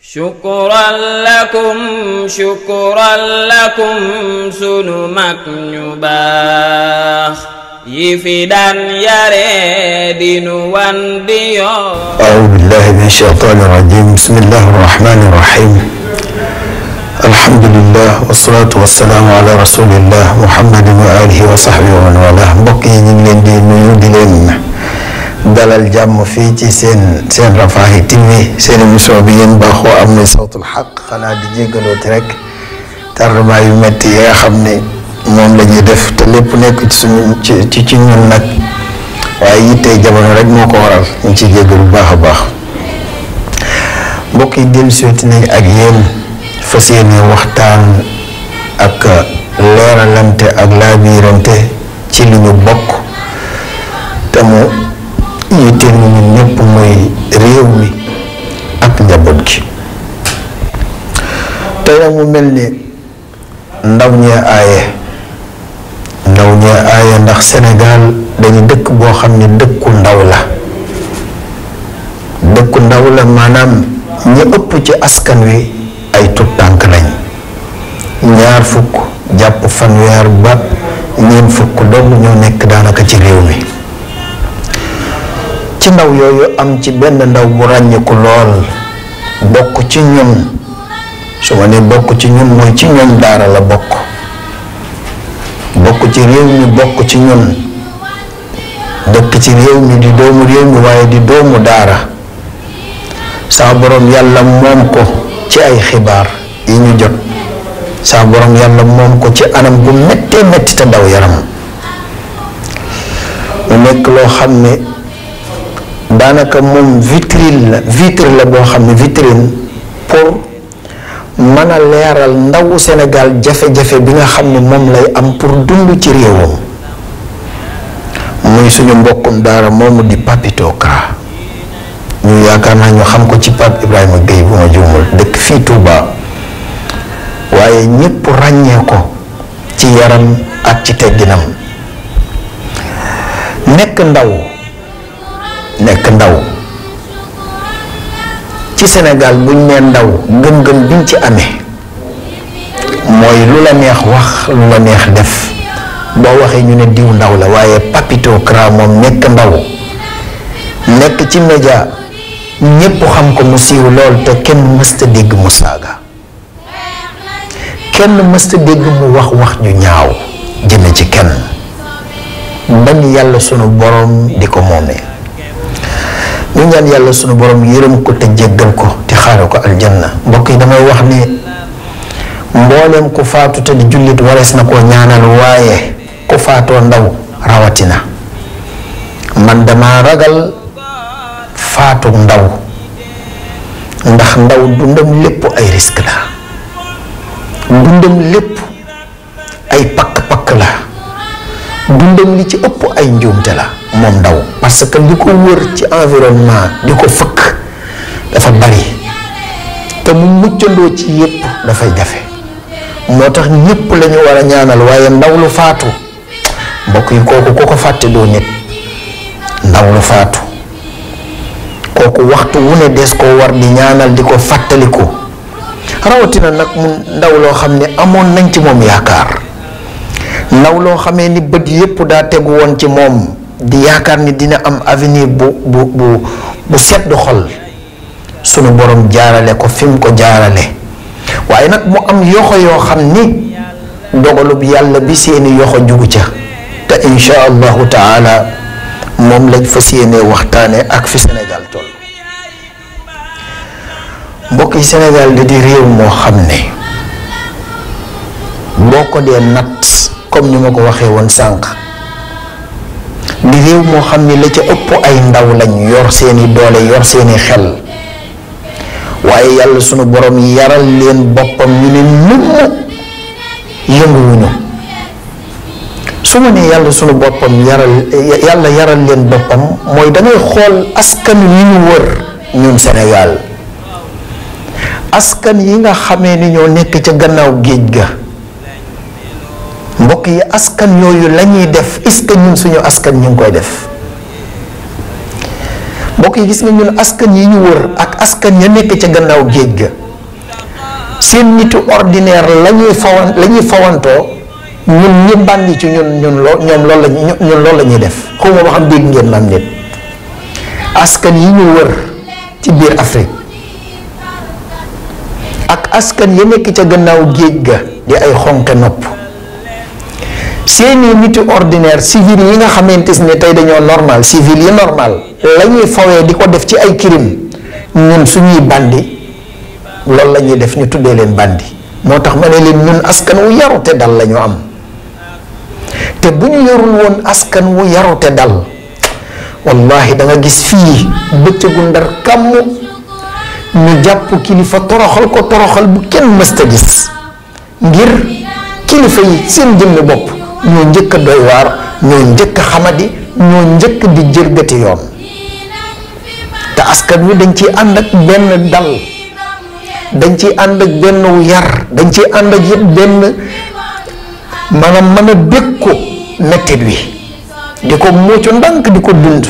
shukran lakum shukran lakum sunu mag ñu baax yi fi daan yare dinu wan di yoon. a'uuzu billaahi mina shaytaani rajiim bismillaahi rahmaani rahiim alhamdulilah wasalaatu wasalaamu ala rasulillah muhammadin wa alihi wa sahbihi wa man walah mbokk yi ñu ngi leen di nuyu di leen. dalal jàmm fii ci seen seen Rafaahi TV seen émission bi ngeen baaxoo am na sawtul xaq xanaa di jéggalooti rek tardement yu metti yi xam ne moom lañuy def te lépp nekk ci suñu ci ci ñun nag waaye yittee jamono rek moo ko waral ñu ci jéggal bu baax a baax mbokk yi dellu siwti nañ ak yéen fas yéene waxtaan ak leeralante ak laabiirante ci lu ñu bokk te mu yitteem ñun ñëpp mooy réew mi ak njaboot gi te mu mel ni ndaw ñee aaye ndaw ñee aaye ndax senegaal dañu dëkk boo xam ne dëkku ndaw la dëkku ndaw la maanaam ñi ëpp ci askan wi ay tut tànk lañ ñaar fukk jàpp fanweer ba ñeent fukk dong ñoo nekk daanaka ci réew mi ndaw yooyu am ci benn ndaw bu ràññiku lool bokk ci ñun su ma bokk ci ñun mooy ci ñoñ daara la bokk bokk ci réew mi bokk ci ñun dëkk ci réew mi di doomu réew mi waaye di doomu daara saa borom yàlla moom ko ci ay xibaar yi ñu jot saa borom yàlla moom ko ci anam bu méttee métti te yaram mu nekk loo xam ne daanaka moom vitrine la vitre la boo xam ne vitrine pour mën a leeral ndawu senegal jafe-jafe bi nga xam ne moom lay am pour dund ci réewam muy suñu mbokkum daara moomu di Papito Kara ñu yaakaar naa ñu xam ko ci Pape Ibrahima Gueye bu ma juumul dëkk fii Touba waaye ñépp ràññee ko ci yaram ak ci tegginam nekk ndaw nekk ndaw ci Sénégal buñ nee ndaw ngëm-ngëm biñ ci amee mooy lu la neex wax lu la neex def boo waxee ñu ne diw ndaw la waaye Papito Kara moom nekk ndaw nekk ci média ñépp xam ko mu siiw lool te kenn mësta dégg mu saaga kenn mësta dégg mu wax wax ju ñaaw jëme ci kenn bañ yàlla sunu boroom di ko moomee ñu ñaan yàlla sunu borom yërëm ko te jéggal ko te xaare ko aljanna mbokk yi damay wax ne mbooleem ku faatu te di jullit warees na koo ñaanal waaye ko faatoo ndaw rawatina man dama ragal faatu ndaw ndax ndaw dundam lépp ay risque la dundam lépp ay pakk pakk la dundam li ci ëpp ay njuute la moom daw parce que li ko wër ci environnement di ko fëkk dafa bari te mu muccandoo ci yépp dafay jafe moo tax ñépp lañu war a ñaanal waaye ndaw lu faatu mbokk yi kooku ku ko fàtte doo nit ndaw lu faatu kooku waxtu wu ne des koo war di ñaanal di ko fàttaliku rawatina nag mu ndaw loo xam ne amoon nañ ci moom yaakaar ndaw loo xamee ni bët yépp daa tegu woon ci moom di yaakaar ni dina am avenir bu bu bu bu sedd xol sunu borom jaarale ko fi ko jaarale waaye nag mu am yoxo yoo xam ni dogalub yàlla bi seeni yoxo jugu ca te insha allahu taala moom lañ fa yéene waxtaane ak fi Sénégal toll mbokk yi Sénégal di réew moo xam ne boo ko dee natt comme ni ma ko waxee woon sànq liggéey réew moo xam ne la ca ëpp ay ndaw lañ yor seeni doole yor seeni xel waaye yàlla sunu borom yaral leen boppam ñu ne mëmm yënguwuñu su ma ne yàlla sunu boppam yaral yàlla yaral leen boppam mooy dangay xool askan wi ñu wër ñun Sénégal askan yi nga xame ni ñoo nekk ca gannaaw géej ga mbokk yi askan yooyu lañuy def est-ce que ñun suñu askan ñu ngi koy def mbokk yi gis nga ñun askan yi ñu wër ak askan ya nekk gannaaw géej ga seen nitu ordinaire la ñuy fawan la ñuy fawantoo ci ñun la ñuy def xaw ma ba ngeen maam nit askan biir Afrique ak askan ya nekk ca gannaaw géej ga di ay xonqe nopp seeni nitu ordinaire civil yi nga xamante ne tey dañoo normal civil yi normal la ñuy fawee di ko def ci ay kirim ñun suñuy bandi loolu la lañuy def ñu tuddee leen bandi moo tax ma ne leen ñun askan wu yarute dal la ñu am te bu ñu yarul woon askan wu yarute dal wallahi da nga gis fii bëccëgu ndar kàmm ñu jàpp kilifa toroxal ko toroxal bu kenn mësta gis ngir kilifa yi seen jëmmi bopp ñoo njëkk a doy waar ñoo njëkk a xamadi ñoo njëkk di jërgati yoon te askan wi dañ ci ànd ak benn dal dañ ci ànd ak benn yar dañ ci ànd ak yëpp benn maanaam mana a ko mettit wi di ko muucu ndànk di ko dund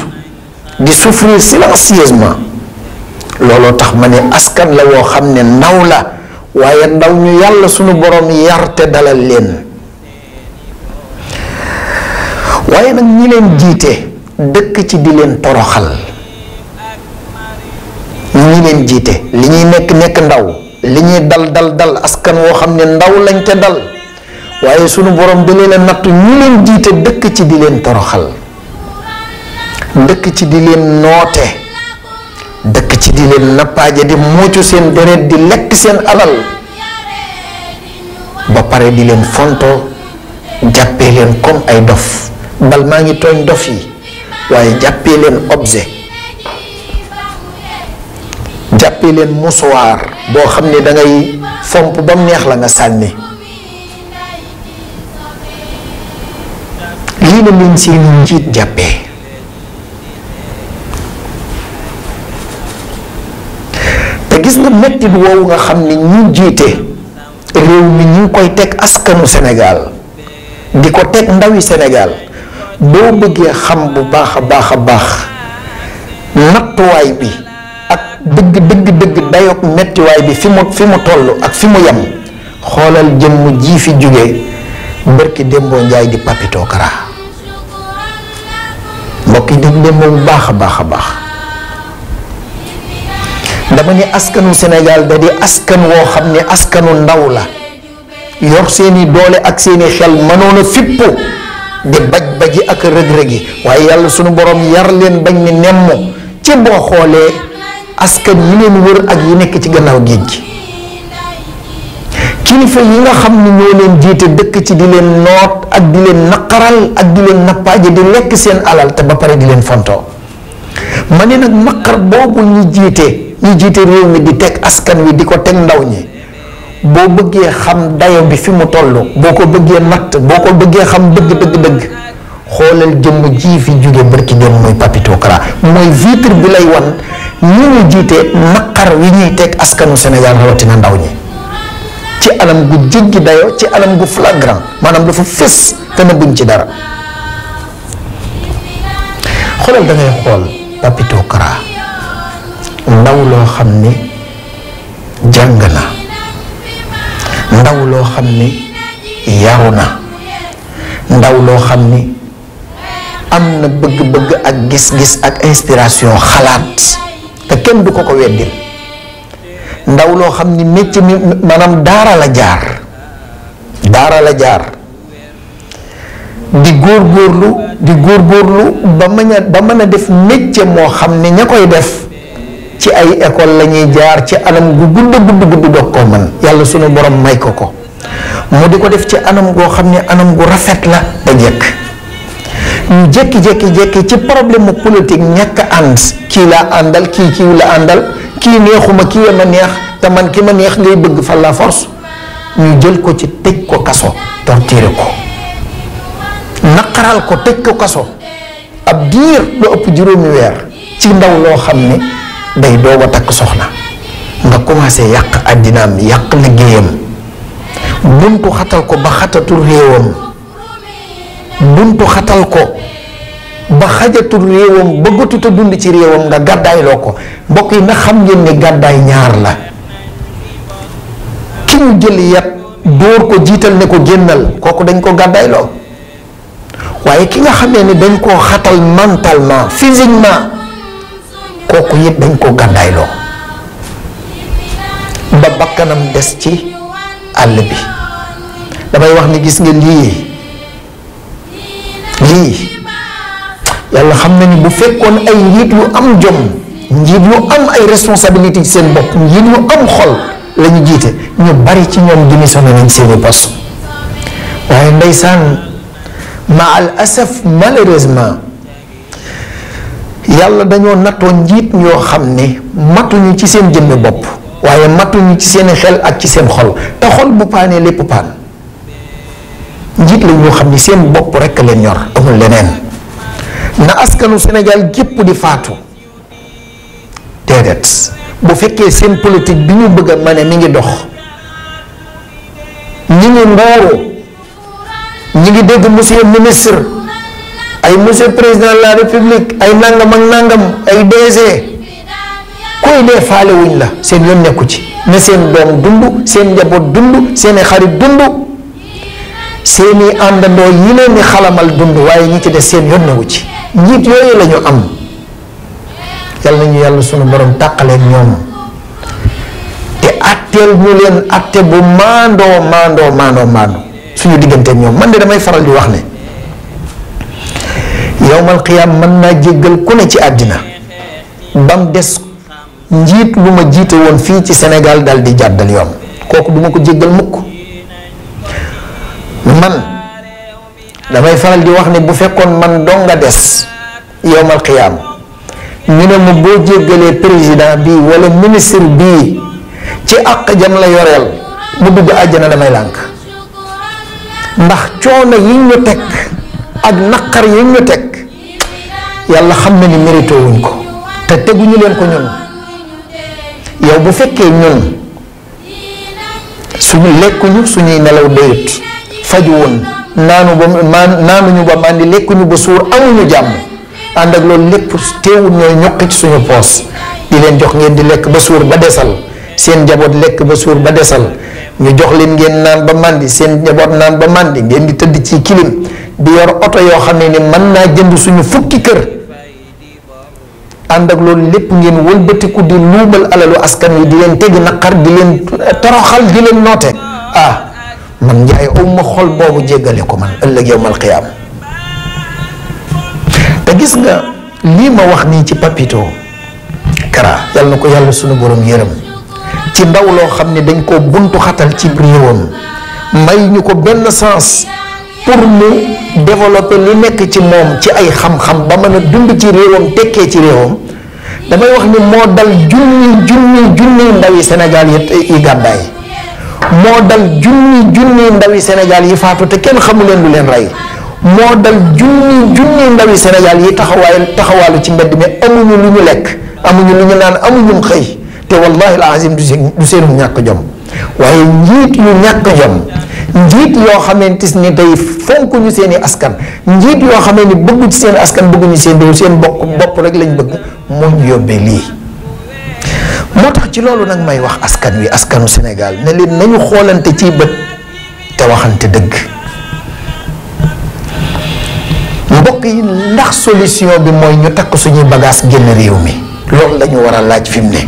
di souffrir silencieusement looloo tax ma ne askan la woo xam ne ndaw la waaye ndaw ñu yàlla sunu borom yar te dalal leen waaye nag ñi leen jiite dëkk ci di leen toroxal ñi leen jiite li ñuy nekk nekk ndaw li ñuy dal dal dal askan woo xam ne ndaw lañ te dal waaye sunu boroom da leen a nattu ñi leen jiite dëkk ci di leen toroxal dëkk ci di leen noote dëkk ci di leen nappaaje di muucu seen deret di lekk seen alal ba pare di leen fontoo jàppee leen comme ay dof ndal maa ngi tooñ dof yi waaye jàppee leen objet jàppee leen musuwaar boo xam ne dangay fomp ba neex la nga sànni lii la leen seen njiit jàppee te gis nga mettit woowu nga xam ne ñu jiite réew mi ñu koy teg askanu Sénégal di ko teg ndawi senegal boo bëggee xam bu baax a baax a baax nattuwaay bi ak dëgg dëgg dëgg dayoog mettiwaay bi fi mu fi mu toll ak fi mu yam xoolal jëmm ji fi jóge bërki démboo njaay di papito kara mbokk yi démboo bu baax a baax a baax dama ni askanu Sénégal da di askan woo xam ne askanu ndaw la yor seeni doole ak seeni xel mënoon a di baj baji ak rëg-rëg yi waaye yàlla sunu borom yar leen bañ ni nemmu ci boo xoolee askan yi leen wër ak yi nekk ci gannaaw géej gi kilifa yi nga xam ni ñoo leen jiite dëkk ci di leen noot ak di leen naqaral ak di leen nappaaje di lekk seen alal te ba pare di leen fontoo ma ne nag naqar boobu ñu jiite ñu jiite réew mi di teg askan wi di ko teg ndaw ñi boo bëggee xam dayo bi fi mu toll boo ko bëggee natt boo ko bëggee xam dëgg dëgg dëgg xoolal jëmm ji fi jóge bërki dem mooy Papito Kara mooy vitre bi lay wan ñi ñu jiite naqar wi ñuy teg askanu senegal rawatina ndaw ñi ci alam gu jéggi dayo ci anam gu flagrant maanaam dafa fés te na ci dara xoolal da xool Papito Kara ndaw loo xam ni jàng na ndaw loo xam ni yaru na ndaw loo xam ni am na bëgg-bëgg ak gis-gis ak inspiration xalaat te kenn du ko ko weddil ndaw loo xam ni mécc mi maanaam daaral a jaar daara la jaar di góorgóorlu di góor ba a ba mën a def mécc moo xam ne ña koy def ci ay école lañuy jaar ci anam gu gudd gudd gudd doog koo mën yàlla sunu borom may ko ko mu di ko def ci anam goo xam ne anam gu rafet la te jekk ñu jékki-jékki-jékki ci problème mu politique ñàkk ànd kii laa àndal kii kii la àndal kii neexuma ki ya ma neex te man ki ma neex ngay bëgg fa la force ñu jël ko ci tëj ko kaso torturé ko naqaral ko tëj ko kaso ab diir lu ëpp juróomi weer ci ndaw loo xam ne day doog takk soxna nga commencé yàq àddinaam yàq liggéeyam buntu xatal ko ba xatatul réewam buntu xatal ko ba xajatul réewam bëggatut dund ci réewam nga gàddaay ko mbokk yi na xam ngeen ni gàddaay ñaar la ki ñu jël yat dóor ko jiital ne ko génnal kooku dañ ko gàddaay waaye ki nga xamee ne dañ koo xatal mentalement physiquement kooku yëpp dañ ko gàddaayloo ba bakkanam des ci àll bi damay wax ni gis nga lii lii yàlla xam na ni bu fekkoon ay njiit yu am jom njiit yu am ay responsabilité seen bopp njiit yu am xol la jiite ñu bari ci ñoom démissionné nañ seeni poste waaye ndeysaan ma al asaf yàlla dañoo nattoo njiit ñoo xam ne matuñu ci seen jëmme bopp waaye matuñu ci seen xel ak ci seen xol te xol bu paanee lépp paan njiit la ñoo xam ni seen bopp rekk leen ñor amul leneen na askanu Sénégal gépp di faatu déedéet bu fekkee seen politique bi bëgg a mane mi ngi dox ñi ngi ngooru ñi ngi dégg monsieur ministre ay monsieur président de la république ay nangam ak nangam ay DG koy dee faale wuñ la seen yoon nekku ci na seen doom dund seen njaboot dund seeni xarit dund seen i àndandoo yi leen di xalamal dund waaye ñi ci des seen yoon newu ci njiit yooyu la am yal nañu yàlla sunu boroom tàqaleeg ñoom te atteel ñu leen atte bu maandoo maandoo maanoo maandoo suñu digganteeg ñoom man de damay faral di wax ne. yowmal qiyaam man naa jéggal ku ne ci àddina bam des njiit lu ma jiite woon fii ci senegal dal di jàddal yoon kooku duma ko jéggal mukk man damay faral di wax ne bu fekkoon man dong nga des yowmal qiyaam ñu ne ma boo jéggalee président bi wala ministre bi ci àq jam la yoreel mu dugg àjjana damay lànk ndax coono yi ñu teg ak naqar yi ñu teg yàlla xam na ni mérité wuñ ko te teguñu leen ko ñun yow bu fekkee ñun suñu lekkuñu suñuy nelaw doyut fajuwoon naanu ba maan naanuñu ba màndi lekkuñu ba suur amuñu jàmm ànd ak loolu lépp teewul ñooy ci suñu poos di leen jox ngeen di lekk ba suur ba desal seen njaboot lekk ba suur ba desal ñu jox leen ngeen naan ba màndi seen njaboot naan ba màndi ngeen di tëdd ci kilim di yor oto yoo xam ne ni mën naa jënd suñu fukki kër ànd ak loolu lépp ngeen wëlbatiku di luumal alalu askan wi di leen tegi naqar di leen toroxal di leen noote ah man njaay umma xol boobu jéggale ko man ëllëg yowmal qiyaam te gis nga lii ma wax nii ci papito kara yàlla na ko yàlla sunu borom yërëm ci ndaw loo xam ne dañ koo buntu xatal ci réewam may ñu ko benn sens pour mu développer li nekk ci moom ci ay xam-xam ba mën a dund ci réewam tekkee ci réewam damay wax ni moo dal junni junni junni ndawi Sénégal yi yi gàddaay moo dal junni junni ndawi senegal yi faatu te kenn xamu leen lu leen rey moo dal junni junni ndawi Sénégal yi taxawaay taxawaalu ci mbedd mi amuñu lu ñu lekk amuñu lu ñu naan amuñu xëy te wallahi al azim du seen du seenu ñàkk jom waaye njiit yu ñàkk jom njiit yoo xamante ni day fonk ñu seeni i askan njiit yoo xamee ni bëggu ci seen askan bëgguñu seen réew seen bokk bopp rek lañ bëgg moo ñu yóbbee lii moo tax ci loolu nag may wax askan wi askanu Sénégal ne leen nañu xoolante ci bët te waxante dëgg mbokk yi ndax solution bi mooy ñu takk suñuy bagage génn réew mi loolu lañu ñu laaj fi mu ne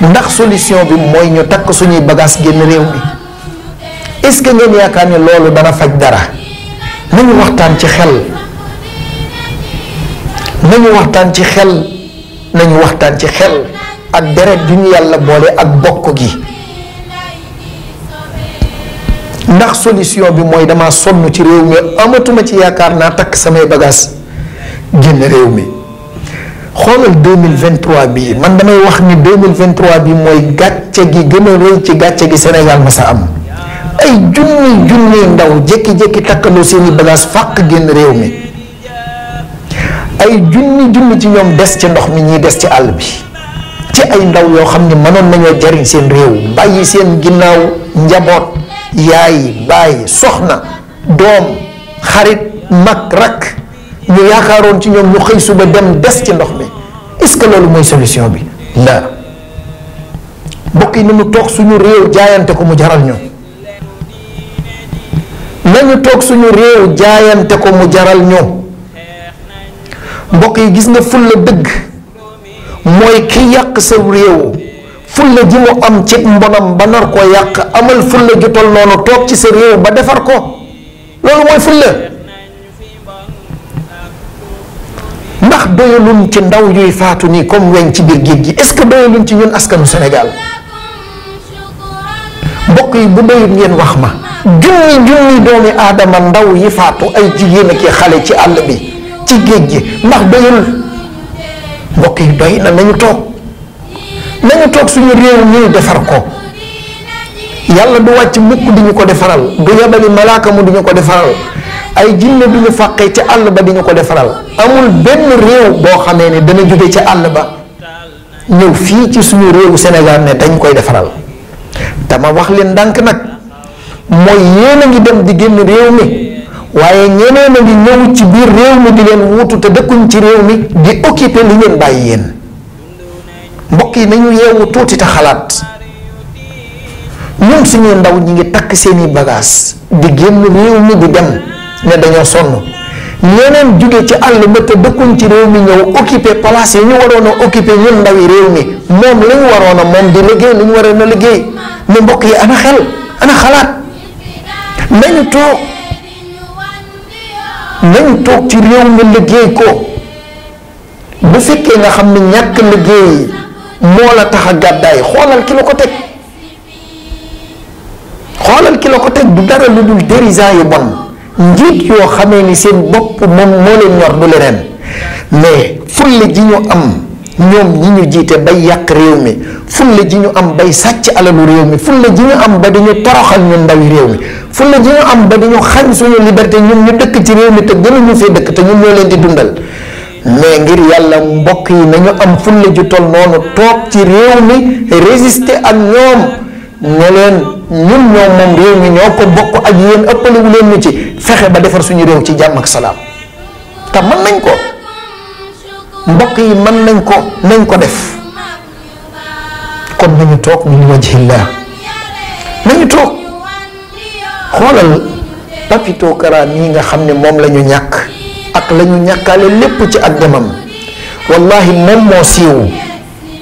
ndax solution bi mooy ñu takk suñuy bagaas génn réew mi est-ce que ngeen yaakaar ne loolu dana faj dara nañu waxtaan ci xel nañu waxtaan ci xel nañu waxtaan ci xel ak deret ju ñu yàlla boole ak bokk gi ndax solution bi mooy dama sonn ci réew mi amatuma ci yaakaar naa takk samay bagaas génn réew mi xoolal 2023 bi man damay wax ni mille 2023 bi mooy gàcce gi gën a rëy ci gàcce gi senegal ma sa am ay junni junni ndaw jékki-jékki takkaloo seeni bagaas fàq génn réew mi ay junni junni ci ñoom des ci ndox mi ñiy des ci àll bi ci ay ndaw yoo xam ne mënoon nañoo jariñ seen réew bàyyi seen ginnaaw njaboot yaay bàyyi soxna doom xarit mag rakk ñu yaakaaroon ci ñoom ñu xëy suba dem des ci ndox mi est-ce que loolu mooy solution bi la mbokk yi ni mu toog suñu réew jaayante ko mu jaral ñu nañu toog suñu réew jaayante ko mu jaral ñu mbokk yi gis nga fulla dëgg mooy kii yàq sa réew fulla ji mu am ci mbonam ba nar ko yàq amal fulla ju tol noonu toog ci sa réew ba defar ko loolu mooy fulla ndax doyaluñ ci ndaw yuy faatu nii comme weñ ci biir géej gi est-ce que doyaluñ ci ñun askanu Sénégal mbokk yi bu doyut ngeen wax ma junni junni doomi aadama ndaw yi faatu ay jigéen ak xale ci àll bi ci géej gi ndax doyul mbokk yi doy na nañu toog nañu toog suñu réew ñuy defar ko yàlla du wàcc mukk di ñu ko defaral du yabali malaaka mu di ko defaral ay jinne bi ñu fàqee ci àll ba di ñu ko defaral amul benn réew boo xamee ne dana jóge ci àll ba ñëw fii ci suñu réewu Sénégal ne dañ koy defaral dama wax leen ndànk nag mooy yéen a ngi dem di génn réew mi waaye ñeneen a ngi ñëw ci biir réew mi di leen wutu te dëkkuñ ci réew mi di occuper li ngeen bàyyi yéen mbokk yi nañu yeewu tuuti te xalaat ñun suñuy ndaw ñi ngi takk seeni bagaas di génn réew mi di dem. ne dañoo sonn ñeneen jóge ci àll ba te dëkkuñ ci réew mi ñëw occupé place yi ñu waroon a occupé ñun ndawi réew mi moom li ñu waroon a moom di liggéey li ñu waroon a liggéey mais mbokk yi ana xel ana xalaat nañu toog nañu toog ci réew mi liggéey ko bu fekkee nga xam ne ñàkk liggéey moo la tax a gàddaay xoolal ki la ko teg xoolal ki la ko teg du dara lu dul dérision yi bon. njiit yoo xamee ni seen bopp moom moo leen ñor du leneen mais fulla ji ñu am ñoom ñi ñu jiite bay yàq réew mi fulla ji ñu am bay sàcc alalu réew mi fulla ji ñu am ba dañu toroxal ñun ndawi réew mi fulla ji ñu am ba dañu xañ suñu liberté ñun ñu dëkk ci réew mi te gënu ñu fee dëkk te ñun ñoo leen di dundal mais ngir yàlla mbokk yi nañu am fulla ju tol noonu toog ci réew mi résisté ak ñoom ne leen ñun ñoo moom réew mi ñoo ko bokk ak yéen ëppalewu leen ñu ci fexe ba defar suñu réew ci jàmm ak salaam te mën nañ ko mbokk yi mën nañ ko nañ ko def kon nañu toog ñu wajhillah nañu toog xoolal papito kara nii nga xam ne moom lañu ñu ñàkk ak lañu ñu ñàkkaale lépp ci ak demam wallahi moom moo siiw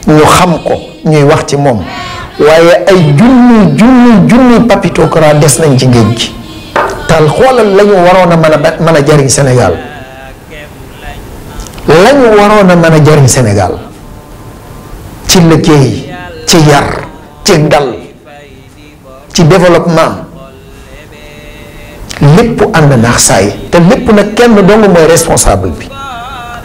ñu xam ko ñuy wax ci moom waaye ay junni junni junni papitokora des nañ ci géej gi tal xoolal la ñu waroon a mën a a jariñ Sénégal la waroon a mën a jariñ Sénégal ci liggéey ci yar ci dal ci développement lépp ànd naax saay te lépp nag kenn dong mooy responsable bi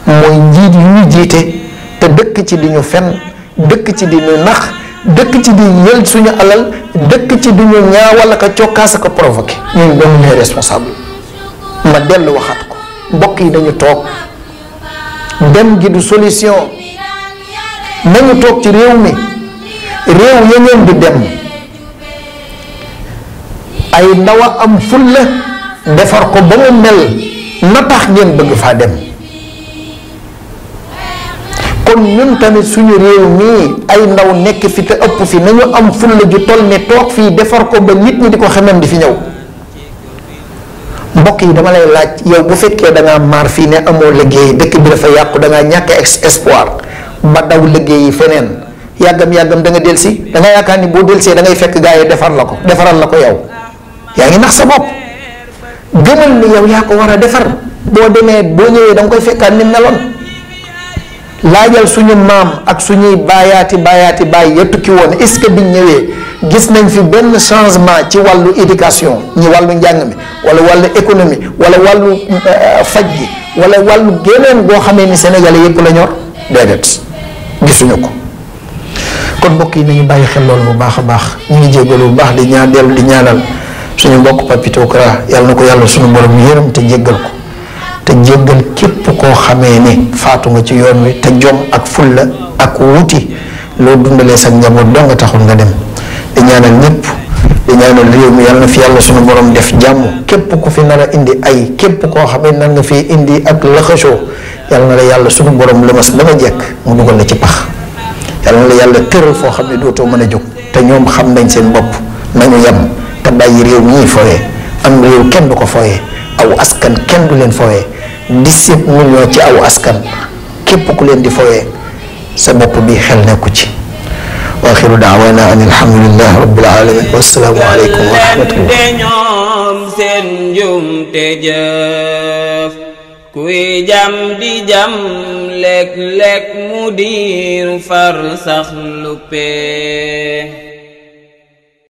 mooy njiit yu jiite te dëkk ci di ñu fen dëkk ci di ñu nax dëkk ci di yël suñu alal dëkk ci duñu ñaawal ak a cokkaas ak a provoqué ñun ñoom ñooy responsable ma dellu waxaat ko mbokk yi dañu toog dem gi du solution nañu toog ci réew mi réew ya di dem ay ndaw am fulla defar ko ba mu mel na tax ngeen bëgg faa dem kon ñun tamit suñu réew mii ay ndaw nekk fi te ëpp fi nañu am fulla ju toll ne toog fii defar ko ba nit ñi di ko xamam di fi ñëw mbokk yi dama lay laaj yow bu fekkee da ngaa maar fii ne amoo liggéey dëkk bi dafa yàqu da ngaa ñàkk espoir ba daw liggéey yi feneen yàggam yàggam danga nga delsi da yaakaar ni boo delsee da ngay fekk gaa yi defar la ko defaral la ko yow yaa ngi nax sa bopp gëmal ni yow yaa ko war a defar boo demee boo ñëwee da nga koy fekkaat laajal suñu maam ak suñuy baayaati baayaati baay ya tukki woon est ce que biñ ñëwee gis nañ fi benn changement ci wàllu éducation ñi wàllu njàng mi wala wàllu économie wala wàllu euh, faj gi wala wàllu géneen boo xamee ni Sénégalais yëpp la ñor déedéet gisuñu ko kon mbokk yi nañu bàyyi xel loolu bu baax a baax ñu ngi jégalu bu baax di ñaan dellu di ñaanal suñu mbokk Papito Kara yàlla na ko yàlla suñu borom yërëm te jéggal ko. te jéggal képp koo xamee ni faatu nga ci yoon wi te jom ak fulla ak wuti loo dundalee sa njaboot doo nga taxul nga dem di ñaanal ñëpp di ñaanal réew mi yàlla na fi yàlla sunu borom def jàmm képp ku fi nar a indi ay képp koo xamee na nga fi indi ak laxasoo yàlla na la yàlla sunu borom lëmas ba nga jekk mu dugal na ci pax yàlla na la yàlla tëral foo xam ne dootoo mën a jóg te ñoom xam nañ seen bopp nañu yem te bàyyi réew mi fooyee am réew kenn du ko fooyee aw askan kenn du leen fowee 17 millions ci aw askan képp ku leen di fowee sa bopp bi xel nekku ci wa axiru daawana an alhamdulilah rabbil alamin wa seen njumte jëf kuy jam di jam lekk lekk mu far sax lu pee